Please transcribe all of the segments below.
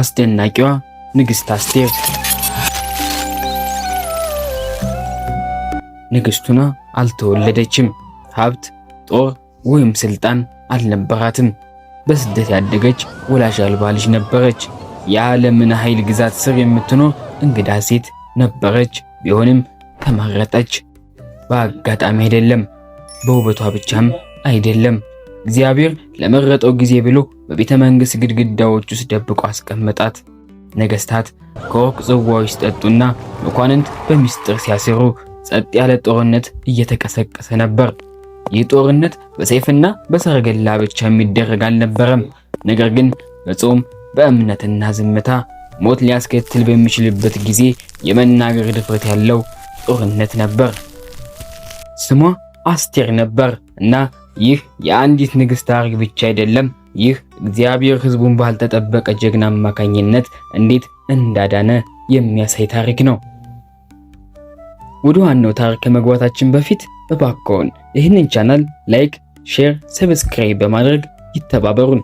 አስደናቂዋ ንግስት አስቴር ንግስቱና አልተወለደችም። ሀብት፣ ጦር ወይም ስልጣን አልነበራትም። በስደት ያደገች ወላጅ አልባ ልጅ ነበረች። የዓለምን ኃይል ግዛት ስር የምትኖር እንግዳ ሴት ነበረች። ቢሆንም ተመረጠች። በአጋጣሚ አይደለም፣ በውበቷ ብቻም አይደለም። እግዚአብሔር ለመረጠው ጊዜ ብሎ በቤተ መንግሥት ግድግዳዎች ውስጥ ደብቆ አስቀመጣት። ነገሥታት ከወርቅ ጽዋዎች ሲጠጡና መኳንንት በሚስጥር ሲያስሩ ጸጥ ያለ ጦርነት እየተቀሰቀሰ ነበር። ይህ ጦርነት በሰይፍና በሰረገላ ብቻ የሚደረግ አልነበረም። ነገር ግን በጾም በእምነትና ዝምታ ሞት ሊያስከትል በሚችልበት ጊዜ የመናገር ድፍረት ያለው ጦርነት ነበር። ስሟ አስቴር ነበር እና ይህ የአንዲት ንግሥት ታሪክ ብቻ አይደለም። ይህ እግዚአብሔር ሕዝቡን ባልተጠበቀ ጀግና አማካኝነት እንዴት እንዳዳነ የሚያሳይ ታሪክ ነው። ወደ ዋናው ታሪክ ከመግባታችን በፊት እባክዎን ይህንን ቻናል ላይክ፣ ሼር፣ ሰብስክራይብ በማድረግ ይተባበሩን።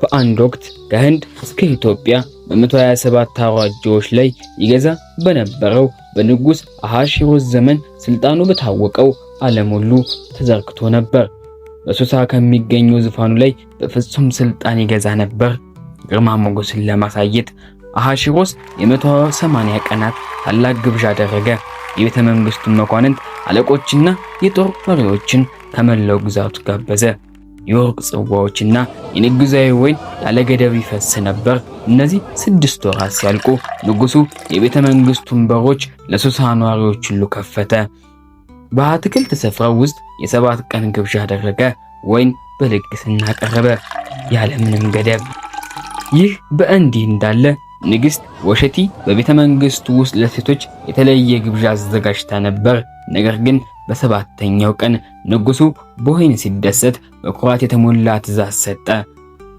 በአንድ ወቅት ከህንድ እስከ ኢትዮጵያ በ127 አውራጃዎች ላይ ይገዛ በነበረው በንጉስ አሃሽሮስ ዘመን ስልጣኑ በታወቀው ዓለም ሁሉ ተዘርግቶ ነበር። በሱሳ ከሚገኘው ዙፋኑ ላይ በፍጹም ስልጣን ይገዛ ነበር። ግርማ ሞገሱን ለማሳየት አሐሺሮስ የ180 ቀናት ታላቅ ግብዣ አደረገ። የቤተ መንግስቱን መኳንንት፣ አለቆችና የጦር መሪዎችን ከመላው ግዛቱ ጋበዘ። የወርቅ ጽዋዎችና የንጉሣዊ ወይን ያለገደብ ይፈስ ነበር። እነዚህ ስድስት ወራት ሲያልቁ ንጉሱ የቤተ መንግስቱን በሮች ለሱሳ ነዋሪዎች ሁሉ ከፈተ። በአትክልት ስፍራው ውስጥ የሰባት ቀን ግብዣ አደረገ። ወይን በልግስና ቀረበ ያለምንም ገደብ። ይህ በእንዲህ እንዳለ ንግስት ወሸቲ በቤተ መንግስቱ ውስጥ ለሴቶች የተለየ ግብዣ አዘጋጅታ ነበር። ነገር ግን በሰባተኛው ቀን ንጉሱ በወይን ሲደሰት በኩራት የተሞላ ትእዛዝ ሰጠ።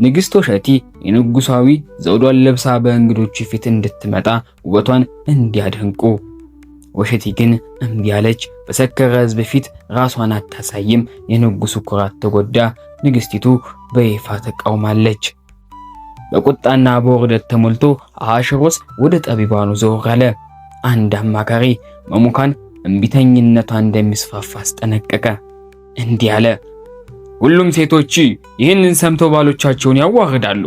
ንግስት ወሸቲ የንጉሳዊ ዘውዷን ለብሳ በእንግዶች ፊት እንድትመጣ ውበቷን እንዲያደንቁ ወሸቴ ግን እምቢ አለች። በሰከረ ህዝብ ፊት ራሷን አታሳይም። የንጉሱ ኩራት ተጎዳ። ንግስቲቱ በይፋ ተቃውማለች። በቁጣና በውርደት ተሞልቶ አሽሮስ ወደ ጠቢባኑ ዘወር አለ። አንድ አማካሪ መሙካን እምቢተኝነቷ እንደሚስፋፋ አስጠነቀቀ። እንዲህ አለ፣ ሁሉም ሴቶች ይህንን ሰምተው ባሎቻቸውን ያዋርዳሉ።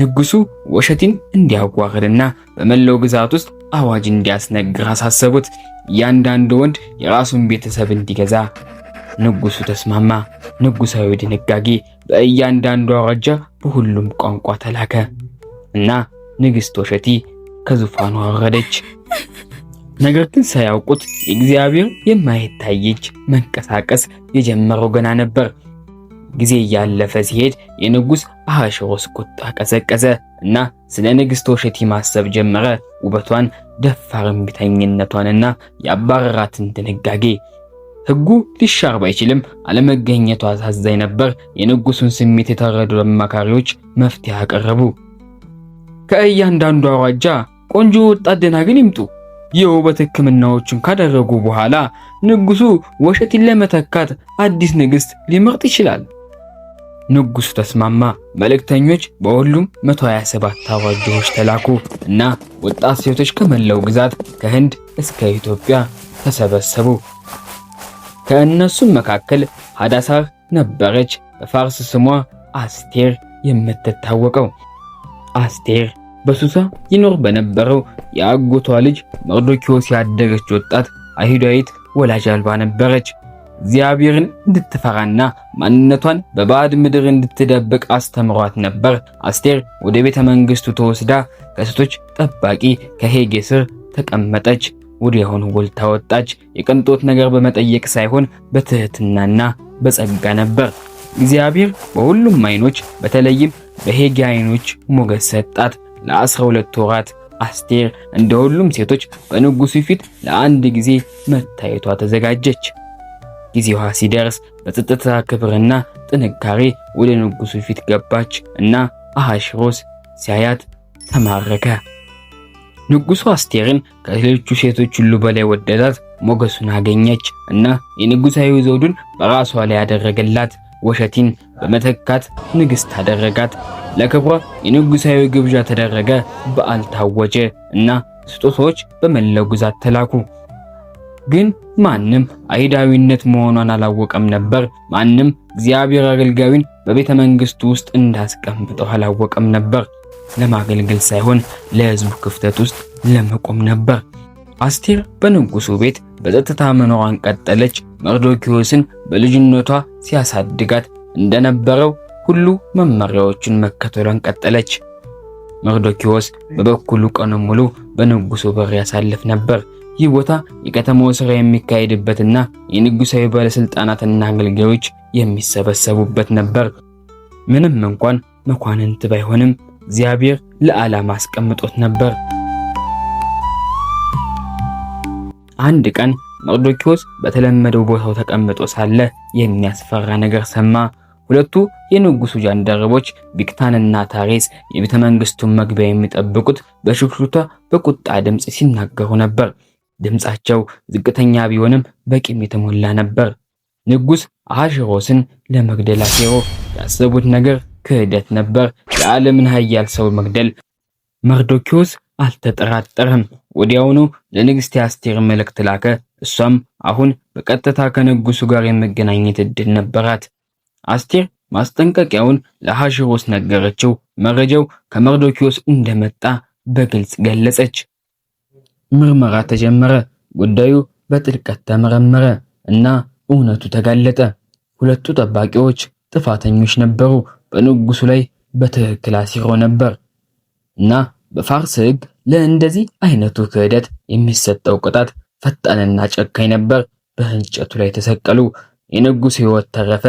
ንጉሱ ወሸቲን እንዲያዋርድና በመላው ግዛት ውስጥ አዋጅ እንዲያስነግር አሳሰቡት። እያንዳንዱ ወንድ የራሱን ቤተሰብ እንዲገዛ ንጉሱ ተስማማ። ንጉሳዊ ድንጋጌ በእያንዳንዱ አውራጃ በሁሉም ቋንቋ ተላከ እና ንግሥት ወሸቲ ከዙፋኑ አወረደች። ነገር ግን ሳያውቁት የእግዚአብሔር የማይታይ እጅ መንቀሳቀስ የጀመረው ገና ነበር። ጊዜ እያለፈ ሲሄድ የንጉስ አሐሽሮስ ቁጣ ቀዘቀዘ እና ስለ ንግሥት ወሽቲ ማሰብ ጀመረ። ውበቷን፣ ደፋር እምቢተኝነቷንና የአባረራትን ድንጋጌ። ሕጉ ሊሻር ባይችልም አለመገኘቷ አሳዛኝ ነበር። የንጉሱን ስሜት የተረዱ አማካሪዎች መፍትሄ አቀረቡ። ከእያንዳንዱ አውራጃ ቆንጆ ወጣት ደናግል ይምጡ። የውበት ሕክምናዎችን ካደረጉ በኋላ ንጉሱ ወሸቲን ለመተካት አዲስ ንግስት ሊመርጥ ይችላል። ንጉሱ ተስማማ። መልእክተኞች በሁሉም 127 አዋጆች ተላኩ እና ወጣት ሴቶች ከመላው ግዛት ከህንድ እስከ ኢትዮጵያ ተሰበሰቡ። ከእነሱም መካከል ሀዳሳር ነበረች፣ በፋርስ ስሟ አስቴር የምትታወቀው። አስቴር በሱሳ ይኖር በነበረው የአጎቷ ልጅ መርዶኪዎስ ያደገች ወጣት አይሁዳዊት ወላጅ አልባ ነበረች። እግዚአብሔርን እንድትፈራና ማንነቷን በባዕድ ምድር እንድትደብቅ አስተምሯት ነበር። አስቴር ወደ ቤተ መንግስቱ ተወስዳ ከሴቶች ጠባቂ ከሄጌ ስር ተቀመጠች። ወዲያውኑ ወልታ ወጣች። የቅንጦት ነገር በመጠየቅ ሳይሆን በትህትናና በጸጋ ነበር። እግዚአብሔር በሁሉም አይኖች በተለይም በሄጌ አይኖች ሞገስ ሰጣት። ለአስራ ሁለት ወራት አስቴር እንደ ሁሉም ሴቶች በንጉሱ ፊት ለአንድ ጊዜ መታየቷ ተዘጋጀች። ጊዜዋ ሲደርስ በጸጥታ ክብርና ጥንካሬ ወደ ንጉሱ ፊት ገባች እና አሐሽሮስ ሲያያት ተማረከ። ንጉሱ አስቴርን ከሌሎቹ ሴቶች ሁሉ በላይ ወደዳት፣ ሞገሱን አገኘች እና የንጉሳዊ ዘውዱን በራሷ ላይ ያደረገላት ወሸቲን በመተካት ንግስት አደረጋት። ለክብሯ የንጉሳዊ ግብዣ ተደረገ፣ በዓል ታወጀ እና ስጦታዎች በመለጉዛት ተላኩ። ግን ማንም አይሁዳዊነት መሆኗን አላወቀም ነበር። ማንም እግዚአብሔር አገልጋዩን በቤተ መንግስቱ ውስጥ እንዳስቀምጠው አላወቀም ነበር። ለማገልገል ሳይሆን ለህዝቡ ክፍተት ውስጥ ለመቆም ነበር። አስቴር በንጉሱ ቤት በጸጥታ መኖሯን ቀጠለች። መርዶኪዎስን በልጅነቷ ሲያሳድጋት እንደነበረው ሁሉ መመሪያዎችን መከተሏን ቀጠለች። መርዶኪዎስ በበኩሉ ቀኑን ሙሉ በንጉሱ በር ያሳልፍ ነበር። ይህ ቦታ የከተማው ስራ የሚካሄድበትና የንጉሳዊ ባለስልጣናትና አገልጋዮች የሚሰበሰቡበት ነበር። ምንም እንኳን መኳንንት ባይሆንም እግዚአብሔር ለዓላማ አስቀምጦት ነበር። አንድ ቀን መርዶኪዎስ በተለመደው ቦታው ተቀምጦ ሳለ የሚያስፈራ ነገር ሰማ። ሁለቱ የንጉሱ ጃንደረቦች ቢክታንና ታሬስ የቤተ መንግስቱን መግቢያ የሚጠብቁት በሽክሹታ በቁጣ ድምፅ ሲናገሩ ነበር። ድምፃቸው ዝቅተኛ ቢሆንም በቂም የተሞላ ነበር። ንጉሥ አሽሮስን ለመግደል አሴሮ ያሰቡት ነገር ክህደት ነበር። የዓለምን ኃያል ሰው መግደል መርዶኪዎስ አልተጠራጠረም። ወዲያውኑ ለንግሥት አስቴር መልእክት ላከ። እሷም አሁን በቀጥታ ከንጉሱ ጋር የመገናኘት እድል ነበራት። አስቴር ማስጠንቀቂያውን ለሐሽሮስ ነገረችው። መረጃው ከመርዶኪዎስ እንደመጣ በግልጽ ገለጸች። ምርመራ ተጀመረ። ጉዳዩ በጥልቀት ተመረመረ እና እውነቱ ተጋለጠ። ሁለቱ ጠባቂዎች ጥፋተኞች ነበሩ። በንጉሱ ላይ በትክክል አሲሮ ነበር እና በፋርስ ሕግ ለእንደዚህ አይነቱ ክህደት የሚሰጠው ቅጣት ፈጣንና ጨካኝ ነበር። በእንጨቱ ላይ ተሰቀሉ። የንጉሱ ሕይወት ተረፈ፣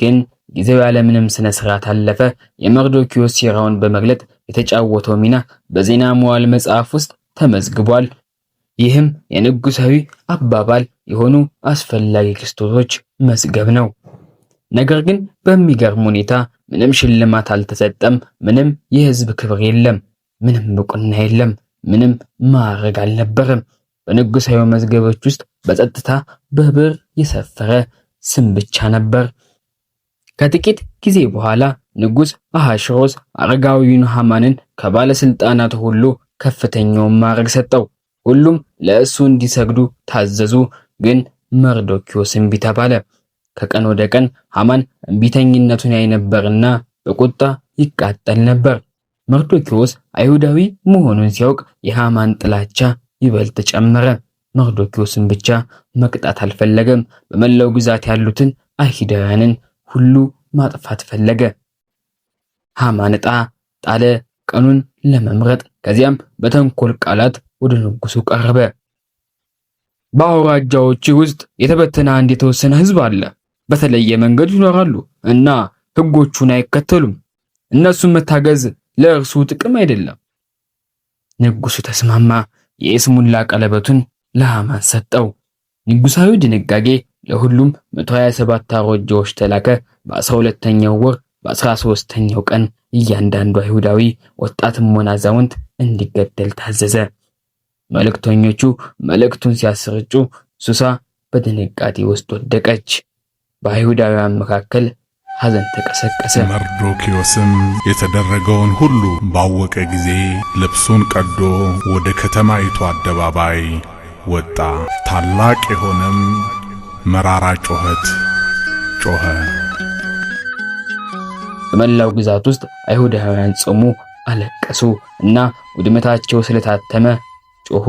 ግን ጊዜው ያለምንም ስነ ስርዓት አለፈ። የመርዶኪዎስ ሴራውን በመግለጥ የተጫወተው ሚና በዜና መዋዕል መጽሐፍ ውስጥ ተመዝግቧል። ይህም የንጉሳዊ አባባል የሆኑ አስፈላጊ ክስተቶች መዝገብ ነው። ነገር ግን በሚገርም ሁኔታ ምንም ሽልማት አልተሰጠም። ምንም የህዝብ ክብር የለም። ምንም እውቅና የለም። ምንም ማዕረግ አልነበረም። በንጉሳዊ መዝገቦች ውስጥ በጸጥታ በብር የሰፈረ ስም ብቻ ነበር። ከጥቂት ጊዜ በኋላ ንጉስ አሐሽሮስ አረጋዊውን ሃማንን ከባለስልጣናት ሁሉ ከፍተኛውን ማዕረግ ሰጠው። ሁሉም ለእሱ እንዲሰግዱ ታዘዙ። ግን መርዶኪዎስ እምቢ ተባለ። ከቀን ወደ ቀን ሃማን እምቢተኝነቱን ያይ ነበርና በቁጣ ይቃጠል ነበር። መርዶኪዎስ አይሁዳዊ መሆኑን ሲያውቅ የሃማን ጥላቻ ይበልጥ ጨመረ። መርዶኪዎስን ብቻ መቅጣት አልፈለገም። በመላው ግዛት ያሉትን አይሁዳውያንን ሁሉ ማጥፋት ፈለገ። ሃማን ዕጣ ጣለ። ቀኑን ለመምረጥ ከዚያም በተንኮል ቃላት ወደ ንጉሱ ቀረበ። በአውራጃዎች ውስጥ የተበተነ አንድ የተወሰነ ህዝብ አለ። በተለየ መንገድ ይኖራሉ እና ህጎቹን አይከተሉም። እነሱን መታገዝ ለእርሱ ጥቅም አይደለም። ንጉሱ ተስማማ። የኢስሙላ ቀለበቱን ለሃማን ሰጠው። ንጉሳዊ ድንጋጌ ለሁሉም 127 አውራጃዎች ተላከ። በ12ኛው ወር በ13ኛው ቀን እያንዳንዱ አይሁዳዊ ወጣትም ሆነ አዛውንት እንዲገደል ታዘዘ። መልእክተኞቹ መልእክቱን ሲያስረጩ ሱሳ በድንጋጤ ውስጥ ወደቀች። በአይሁዳውያን መካከል ሐዘን ተቀሰቀሰ። መርዶኪዮስም የተደረገውን ሁሉ ባወቀ ጊዜ ልብሱን ቀዶ ወደ ከተማይቱ አደባባይ ወጣ። ታላቅ የሆነም መራራ ጩኸት ጮኸ። በመላው ግዛት ውስጥ አይሁዳውያን ጾሙ፣ አለቀሱ እና ውድመታቸው ስለታተመ ጮሁ።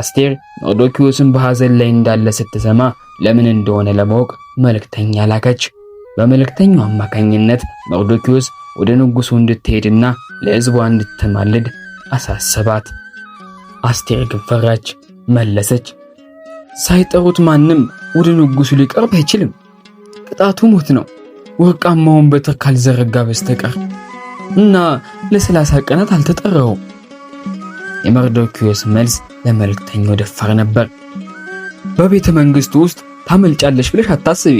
አስቴር መቅዶኪዎስን በሐዘን ላይ እንዳለ ስትሰማ ለምን እንደሆነ ለማወቅ መልእክተኛ ላከች። በመልእክተኛው አማካኝነት መቅዶኪዎስ ወደ ንጉሱ እንድትሄድና ለሕዝቧ እንድትማልድ አሳሰባት። አስቴር ግን ፈራች። መለሰች፣ ሳይጠሩት ማንም ወደ ንጉሱ ሊቀርብ አይችልም፣ ቅጣቱ ሞት ነው ወርቃማውን በትር ካልዘረጋ በስተቀር እና ለሰላሳ ቀናት አልተጠራው! የመርዶኪዎስ መልስ ለመልእክተኛው ደፋር ነበር። በቤተ መንግሥቱ ውስጥ ታመልጫለሽ ብለሽ አታስቢ።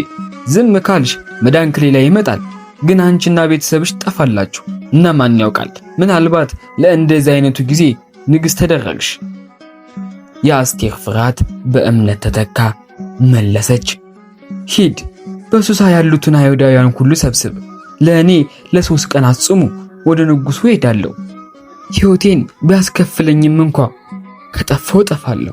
ዝም ካልሽ መዳን ከሌላ ይመጣል። ግን አንቺና ቤተሰብሽ ጠፋላችሁ እና ማን ያውቃል፣ ምናልባት ለእንደዚህ አይነቱ ጊዜ ንግሥት ተደረግሽ። የአስቴር ፍርሃት በእምነት ተተካ። መለሰች፣ ሂድ በሱሳ ያሉትን አይሁዳውያን ሁሉ ሰብስብ፣ ለእኔ ለሶስት ቀን አጽሙ፣ ወደ ንጉሱ ሄዳለሁ። ሕይወቴን ቢያስከፍለኝም እንኳ ከጠፋው ጠፋለሁ።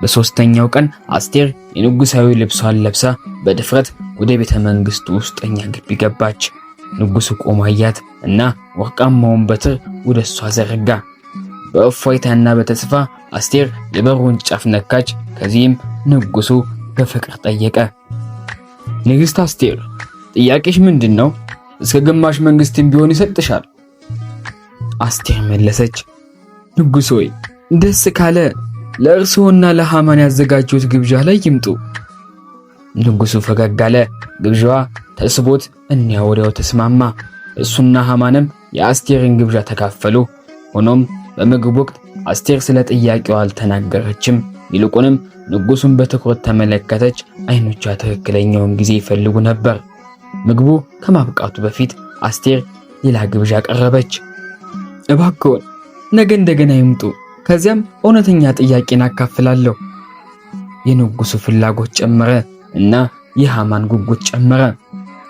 በሦስተኛው ቀን አስቴር የንጉሣዊ ልብሷን ለብሳ በድፍረት ወደ ቤተ መንግሥቱ ውስጠኛ ግቢ ገባች። ንጉሡ ቆሞ አያት እና ወርቃማውን በትር ወደ እሷ ዘረጋ። በእፎይታና በተስፋ አስቴር የበሩን ጫፍ ነካች። ከዚህም ንጉሱ በፍቅር ጠየቀ። ንግሥት አስቴር ጥያቄሽ ምንድን ነው? እስከ ግማሽ መንግሥትም ቢሆን ይሰጥሻል። አስቴር መለሰች፣ ንጉሥ ሆይ ደስ ካለ ለእርስዎና ለሃማን ያዘጋጀሁት ግብዣ ላይ ይምጡ። ንጉሡ ፈገግ አለ። ግብዣዋ ተስቦት እኒያ ወዲያው ተስማማ። እሱና ሃማንም የአስቴርን ግብዣ ተካፈሉ። ሆኖም በምግብ ወቅት አስቴር ስለ ጥያቄዋ አልተናገረችም። ይልቁንም ንጉሱን በትኩረት ተመለከተች። አይኖቿ ትክክለኛውን ጊዜ ይፈልጉ ነበር። ምግቡ ከማብቃቱ በፊት አስቴር ሌላ ግብዣ ቀረበች። እባክዎን ነገ እንደገና ይምጡ፣ ከዚያም እውነተኛ ጥያቄን አካፍላለሁ። የንጉሱ ፍላጎት ጨመረ እና የሃማን ጉጉት ጨመረ።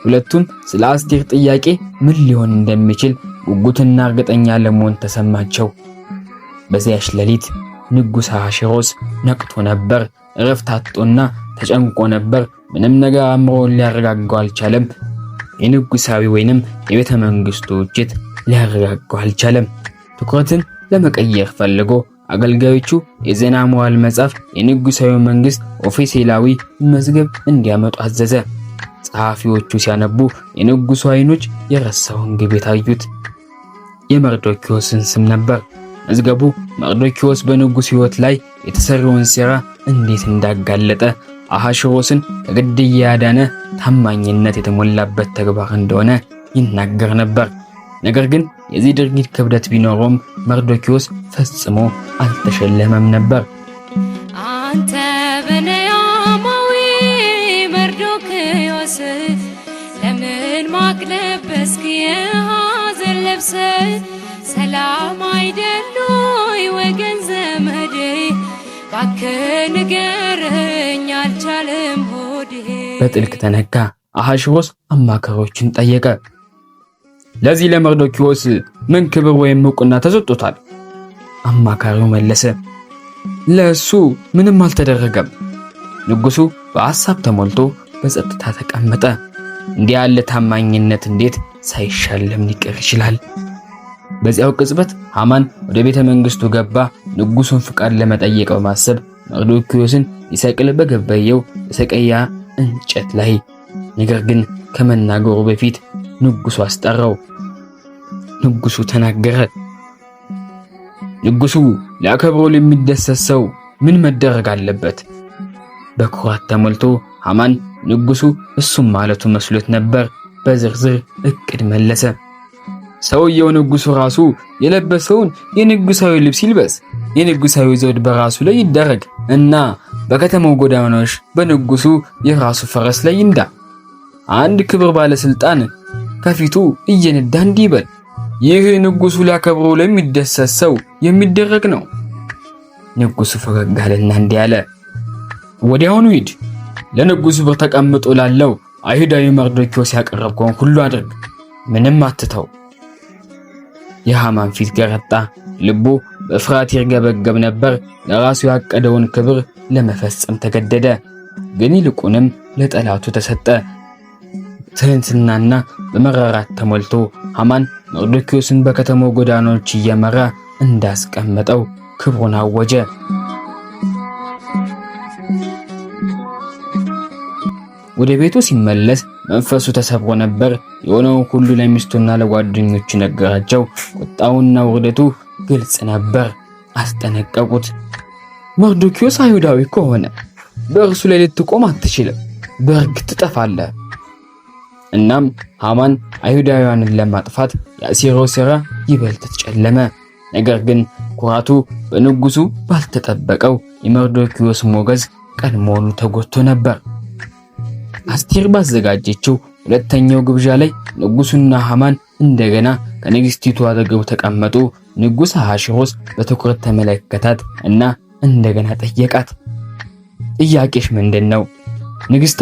ሁለቱም ስለ አስቴር ጥያቄ ምን ሊሆን እንደሚችል ጉጉትና እርግጠኛ ለመሆን ተሰማቸው። በዚያች ሌሊት ንጉሥ አሽሮስ ነቅቶ ነበር። እረፍት አጥቶና ተጨንቆ ነበር። ምንም ነገር አእምሮውን ሊያረጋጋው አልቻለም። የንጉሳዊ ወይንም የቤተ መንግስቱ ውጭት ሊያረጋጋው አልቻለም። ትኩረትን ለመቀየር ፈልጎ አገልጋዮቹ የዜና መዋዕል መጽሐፍ የንጉሳዊ መንግስት ኦፊሴላዊ መዝገብ እንዲያመጡ አዘዘ። ጸሐፊዎቹ ሲያነቡ የንጉሱ አይኖች የረሳውን ግብ የታዩት የመርዶኪዎስን ስም ነበር። መዝገቡ መቅዶኪዎስ በንጉሥ ሕይወት ላይ የተሰራውን ሴራ እንዴት እንዳጋለጠ አሐሽሮስን ከግድያ ያዳነ ታማኝነት የተሞላበት ተግባር እንደሆነ ይናገር ነበር። ነገር ግን የዚህ ድርጊት ክብደት ቢኖረውም መርዶኪዎስ ፈጽሞ አልተሸለመም ነበር። አንተ ብንያማዊ መርዶኪዎስ ለምን የሐዘን ልብስ ከንገረኝ አልቻለም ሆድ በጥልቅ ተነካ። አሐሽሮስ አማካሪዎችን ጠየቀ። ለዚህ ለመርዶኪዎስ ምን ክብር ወይም ዕውቅና ተሰጥቶታል? አማካሪው መለሰ፣ ለእሱ ምንም አልተደረገም። ንጉሡ በሐሳብ ተሞልቶ በጸጥታ ተቀመጠ። እንዲህ ያለ ታማኝነት እንዴት ሳይሸለም ሊቀር ይችላል? በዚያው ቅጽበት ሃማን ወደ ቤተ መንግስቱ ገባ። ንጉሱን ፍቃድ ለመጠየቅ በማሰብ መርዶክዮስን ይሰቅል በገበየው ሰቀያ እንጨት ላይ። ነገር ግን ከመናገሩ በፊት ንጉሱ አስጠራው። ንጉሱ ተናገረ። ንጉሱ ሊያከብሮ ለሚደሰት ሰው ምን መደረግ አለበት? በኩራት ተሞልቶ ሃማን ንጉሱ እሱም ማለቱ መስሎት ነበር። በዝርዝር እቅድ መለሰ። ሰውየው ንጉሱ ራሱ የለበሰውን የንጉሳዊ ልብስ ይልበስ፣ የንጉሳዊ ዘውድ በራሱ ላይ ይደረግ እና በከተማው ጎዳናዎች በንጉሱ የራሱ ፈረስ ላይ ይንዳ። አንድ ክብር ባለስልጣን ከፊቱ እየነዳ እንዲህ ይበል፣ ይህ ንጉሱ ሊያከብሮ ለሚደሰት ሰው የሚደረግ ነው። ንጉሱ ፈገግ አለና እንዲህ አለ፣ ወዲያውኑ ሂድ፣ ለንጉሱ ብር ተቀምጦ ላለው አይሁዳዊ መርዶኪዎስ ያቀረብከውን ሁሉ አድርግ፣ ምንም አትተው። የሐማን ፊት ገረጣ። ልቡ በፍርሃት ይርገበገብ ነበር። ለራሱ ያቀደውን ክብር ለመፈጸም ተገደደ፣ ግን ይልቁንም ለጠላቱ ተሰጠ። ትህትናና በመራራት ተሞልቶ ሐማን መርዶክዮስን በከተማው ጎዳናዎች እየመራ እንዳስቀመጠው ክብሩን አወጀ። ወደ ቤቱ ሲመለስ መንፈሱ ተሰብሮ ነበር። የሆነው ሁሉ ለሚስቱና ለጓደኞቹ ነገራቸው። ቁጣውና ውርደቱ ግልጽ ነበር። አስጠነቀቁት። መርዶኪዮስ አይሁዳዊ ከሆነ በእርሱ ላይ ልትቆም አትችልም፣ በእርግጥ ትጠፋለህ። እናም ሃማን አይሁዳውያንን ለማጥፋት የአሴሮ ሥራ ይበልጥ ተጨለመ። ነገር ግን ኩራቱ በንጉሱ ባልተጠበቀው የመርዶኪዮስ ሞገዝ ቀድሞውኑ ተጎድቶ ነበር። አስቴር ባዘጋጀችው ሁለተኛው ግብዣ ላይ ንጉሱና ሃማን እንደገና ከንግስቲቱ አጠገብ ተቀመጡ። ንጉስ አሐሽሮስ በትኩረት ተመለከታት እና እንደገና ጠየቃት፣ ጥያቄሽ ምንድን ነው?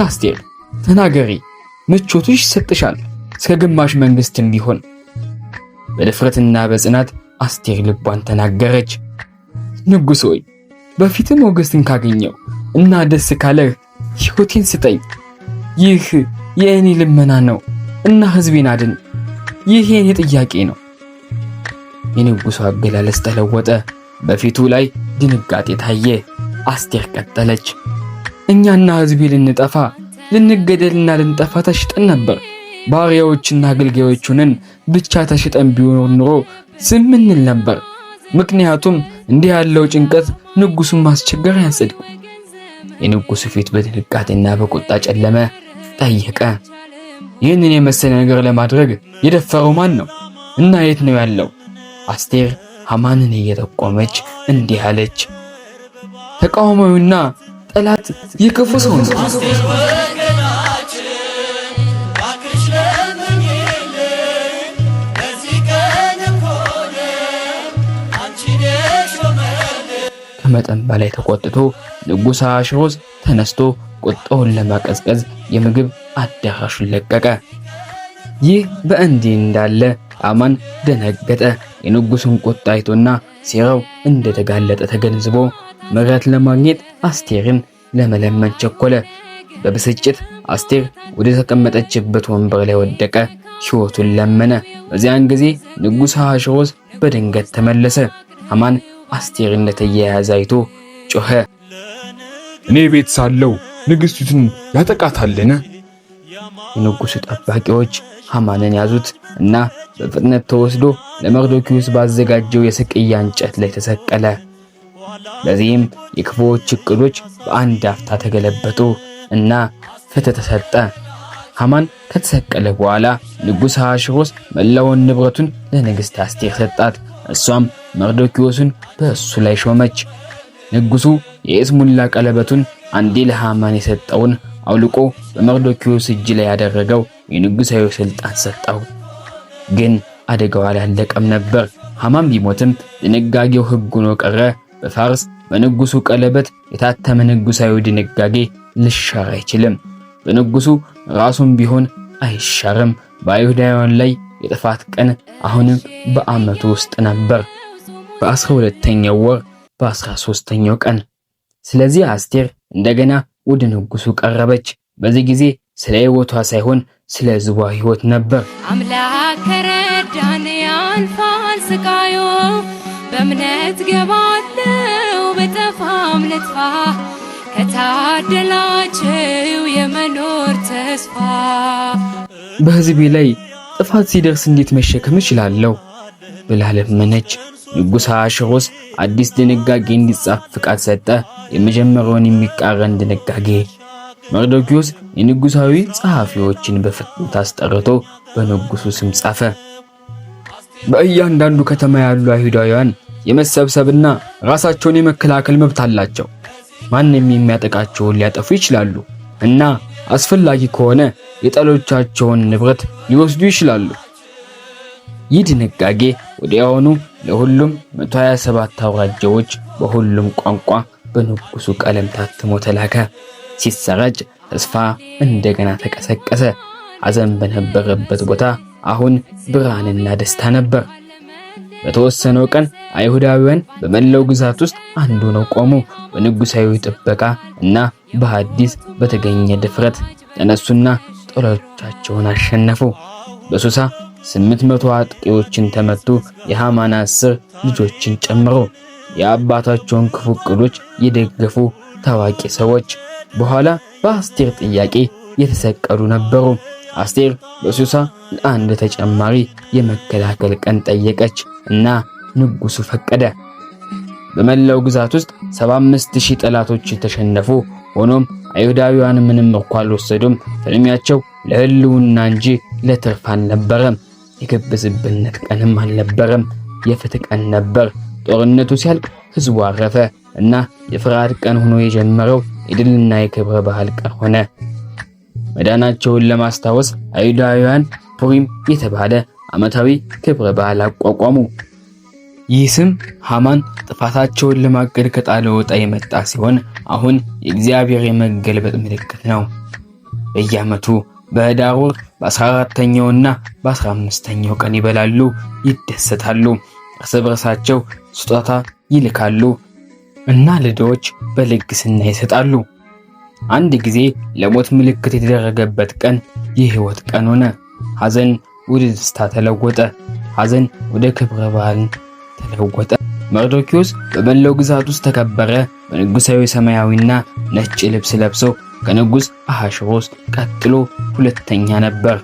አስቴር ተናገሪ፣ ምቾትሽ ይሰጥሻል፣ እስከ ግማሽ መንግስትም ቢሆን። በድፍረትና በጽናት አስቴር ልቧን ተናገረች። ንጉሥ ሆይ በፊትም ኦገስትን ካገኘው እና ደስ ካለህ ሕይወቴን ስጠኝ ይህ የእኔ ልመና ነው እና ህዝቤን አድን። ይህ የእኔ ጥያቄ ነው። የንጉሱ አገላለጽ ተለወጠ። በፊቱ ላይ ድንጋጤ ታየ። አስቴር ቀጠለች። እኛና ህዝቤ ልንጠፋ ልንገደልና ልንጠፋ ተሽጠን ነበር። ባሪያዎችና አገልጋዮች ሆነን ብቻ ተሽጠን ቢሆን ኑሮ ዝም እንል ነበር። ምክንያቱም እንዲህ ያለው ጭንቀት ንጉሱን ማስቸገር አያጸድቅም። የንጉሱ ፊት በድንጋጤና በቁጣ ጨለመ። ጠየቀ። ይህንን የመሰለ ነገር ለማድረግ የደፈረው ማን ነው እና የት ነው ያለው? አስቴር ሐማንን እየጠቆመች እንዲህ አለች። ተቃዋሚውና ጠላት የክፉ ሰው ነው። ከመጠን በላይ ተቆጥቶ ንጉሥ አሽሮስ ተነስቶ ቁጣውን ለማቀዝቀዝ የምግብ አዳራሹን ለቀቀ። ይህ በእንዲህ እንዳለ አማን ደነገጠ። የንጉሱን ቁጣ አይቶና ሴራው እንደተጋለጠ ተገንዝቦ ምህረት ለማግኘት አስቴርን ለመለመን ቸኮለ። በብስጭት አስቴር ወደ ተቀመጠችበት ወንበር ላይ ወደቀ፣ ሕይወቱን ለመነ። በዚያን ጊዜ ንጉሥ አሕሽሮስ በድንገት ተመለሰ። አማን አስቴር እንደተያያዘ አይቶ ጮኸ። እኔ ቤት ሳለው ንግሥቲቱን ያጠቃታልን? የንጉሡ ጠባቂዎች ሐማንን ያዙት እና በፍጥነት ተወስዶ ለመርዶኪዎስ ባዘጋጀው የስቅያ እንጨት ላይ ተሰቀለ። በዚህም የክፉዎች እቅዶች በአንድ አፍታ ተገለበጡ እና ፍትህ ተሰጠ። ሐማን ከተሰቀለ በኋላ ንጉሥ አሽሮስ መላውን ንብረቱን ለንግሥት አስቴር ሰጣት። እሷም መርዶኪዎስን በእሱ ላይ ሾመች። ንጉሱ የኢስሙላ ቀለበቱን አንዴ ለሃማን የሰጠውን አውልቆ በመርዶኪዎስ እጅ ላይ ያደረገው የንጉሳዊ ስልጣን ሰጠው። ግን አደጋው አላለቀም ነበር። ሃማን ቢሞትም ድንጋጌው ሕግ ሆኖ ቀረ። በፋርስ በንጉሱ ቀለበት የታተመ ንጉሳዊ ድንጋጌ ልሻር አይችልም። በንጉሱ ራሱም ቢሆን አይሻርም። በአይሁዳውያን ላይ የጥፋት ቀን አሁንም በዓመቱ ውስጥ ነበር። በአስራ ሁለተኛው ወር በአስራ ሦስተኛው ቀን። ስለዚህ አስቴር እንደገና ወደ ንጉሱ ቀረበች። በዚህ ጊዜ ስለ ህይወቷ ሳይሆን ስለ ህዝቧ ህይወት ነበር። አምላክ ከረዳን ያልፋል ስቃዩ፣ በእምነት ገባለው በጠፋም ለጥፋ ከታደላችው የመኖር ተስፋ በሕዝቤ ላይ ጥፋት ሲደርስ እንዴት መሸከም እችላለሁ ብላ ለመነች። ንጉሥ አሽሮስ አዲስ ድንጋጌ እንዲጻፍ ፍቃድ ሰጠ። የመጀመሪያውን የሚቃረን ድንጋጌ መርዶኪዮስ የንጉሳዊ ጸሐፊዎችን በፍጥነት አስጠርቶ በንጉሱ ስም ጻፈ። በእያንዳንዱ ከተማ ያሉ አይሁዳውያን የመሰብሰብና ራሳቸውን የመከላከል መብት አላቸው። ማንም የሚያጠቃቸውን ሊያጠፉ ይችላሉ እና አስፈላጊ ከሆነ የጠሎቻቸውን ንብረት ሊወስዱ ይችላሉ። ይህ ድንጋጌ ወዲያውኑ ለሁሉም 127 አውራጃዎች በሁሉም ቋንቋ በንጉሱ ቀለም ታትሞ ተላከ። ሲሰራጭ ተስፋ እንደገና ተቀሰቀሰ። አዘን በነበረበት ቦታ አሁን ብርሃንና ደስታ ነበር። በተወሰነው ቀን አይሁዳውያን በመላው ግዛት ውስጥ አንዱ ነው ቆሙ። በንጉሳዊ ጥበቃ እና በአዲስ በተገኘ ድፍረት ተነሱና ጠላቶቻቸውን አሸነፉ። በሱሳ ስምንት መቶ አጥቂዎችን ተመቱ። የሐማን አስር ልጆችን ጨምሮ የአባታቸውን ክፉ ዕቅዶች የደገፉ ታዋቂ ሰዎች በኋላ በአስቴር ጥያቄ የተሰቀሉ ነበሩ። አስቴር በሱሳ ለአንድ ተጨማሪ የመከላከል ቀን ጠየቀች እና ንጉሱ ፈቀደ። በመላው ግዛት ውስጥ 75000 ጠላቶች ተሸነፉ። ሆኖም አይሁዳውያን ምንም እንኳን አልወሰዱም። ፍልሚያቸው ለህልውና እንጂ ለትርፍ አልነበረም። የገበዝብነት ቀንም አልነበረም፣ የፍትህ ቀን ነበር። ጦርነቱ ሲያልቅ ህዝቡ አረፈ እና የፍርሃት ቀን ሆኖ የጀመረው የድልና የክብረ በዓል ቀን ሆነ። መዳናቸውን ለማስታወስ አይሁዳውያን ፑሪም የተባለ ዓመታዊ ክብረ በዓል አቋቋሙ። ይህ ስም ሃማን ጥፋታቸውን ለማገድ ከጣለ ወጣ የመጣ ሲሆን አሁን የእግዚአብሔር የመገልበጥ ምልክት ነው። በየዓመቱ በህዳር ወር በ14ተኛውና በ15ተኛው ቀን ይበላሉ፣ ይደሰታሉ፣ እርስ በርሳቸው ስጦታ ይልካሉ እና ለድሆች በልግስና ይሰጣሉ። አንድ ጊዜ ለሞት ምልክት የተደረገበት ቀን የሕይወት ቀን ሆነ። ሐዘን ወደ ደስታ ተለወጠ። ሐዘን ወደ ክብረ በዓል ተለወጠ። መርዶኪዎስ በመላው ግዛት ውስጥ ተከበረ። በንጉሳዊ ሰማያዊና ነጭ ልብስ ለብሶ ከንጉሥ አሐሽሮስ ቀጥሎ ሁለተኛ ነበር።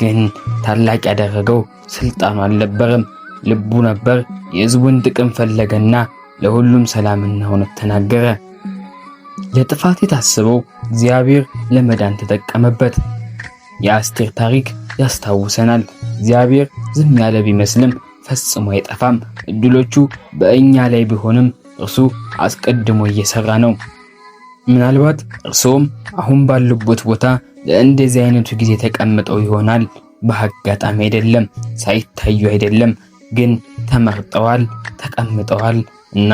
ግን ታላቅ ያደረገው ስልጣኑ አልነበረም፣ ልቡ ነበር። የሕዝቡን ጥቅም ፈለገና ለሁሉም ሰላምና እውነት ተናገረ። ለጥፋት የታሰበው እግዚአብሔር ለመዳን ተጠቀመበት። የአስቴር ታሪክ ያስታውሰናል። እግዚአብሔር ዝም ያለ ቢመስልም ፈጽሞ አይጠፋም። እድሎቹ በእኛ ላይ ቢሆንም እርሱ አስቀድሞ እየሰራ ነው። ምናልባት እርስዎም አሁን ባሉበት ቦታ ለእንደዚህ አይነቱ ጊዜ ተቀምጠው ይሆናል። በአጋጣሚ አይደለም፣ ሳይታዩ አይደለም፣ ግን ተመርጠዋል፣ ተቀምጠዋል እና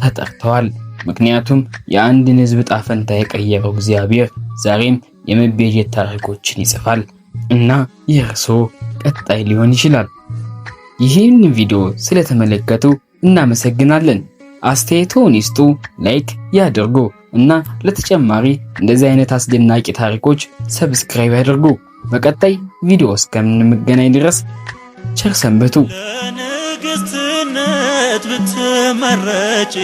ተጠርተዋል። ምክንያቱም የአንድን ሕዝብ ጣፈንታ የቀየረው እግዚአብሔር ዛሬም የመቤዠት ታሪኮችን ይጽፋል እና ይህ ቀጣይ ሊሆን ይችላል። ይህን ቪዲዮ ስለተመለከቱ እናመሰግናለን። አስተያየቶን ይስጡ፣ ላይክ ያድርጉ። እና ለተጨማሪ እንደዚህ አይነት አስደናቂ ታሪኮች ሰብስክራይብ ያድርጉ። በቀጣይ ቪዲዮ እስከምንገናኝ ድረስ ቸር ሰንበቱ። ለንግሥትነት ብትመረጭ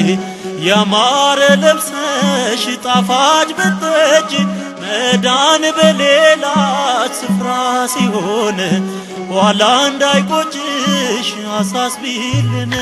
ያማረ ለብሰሽ ጣፋጭ ብትጠጪ መዳን በሌላ ስፍራ ሲሆን ኋላ እንዳይቆጭሽ አሳስቢልን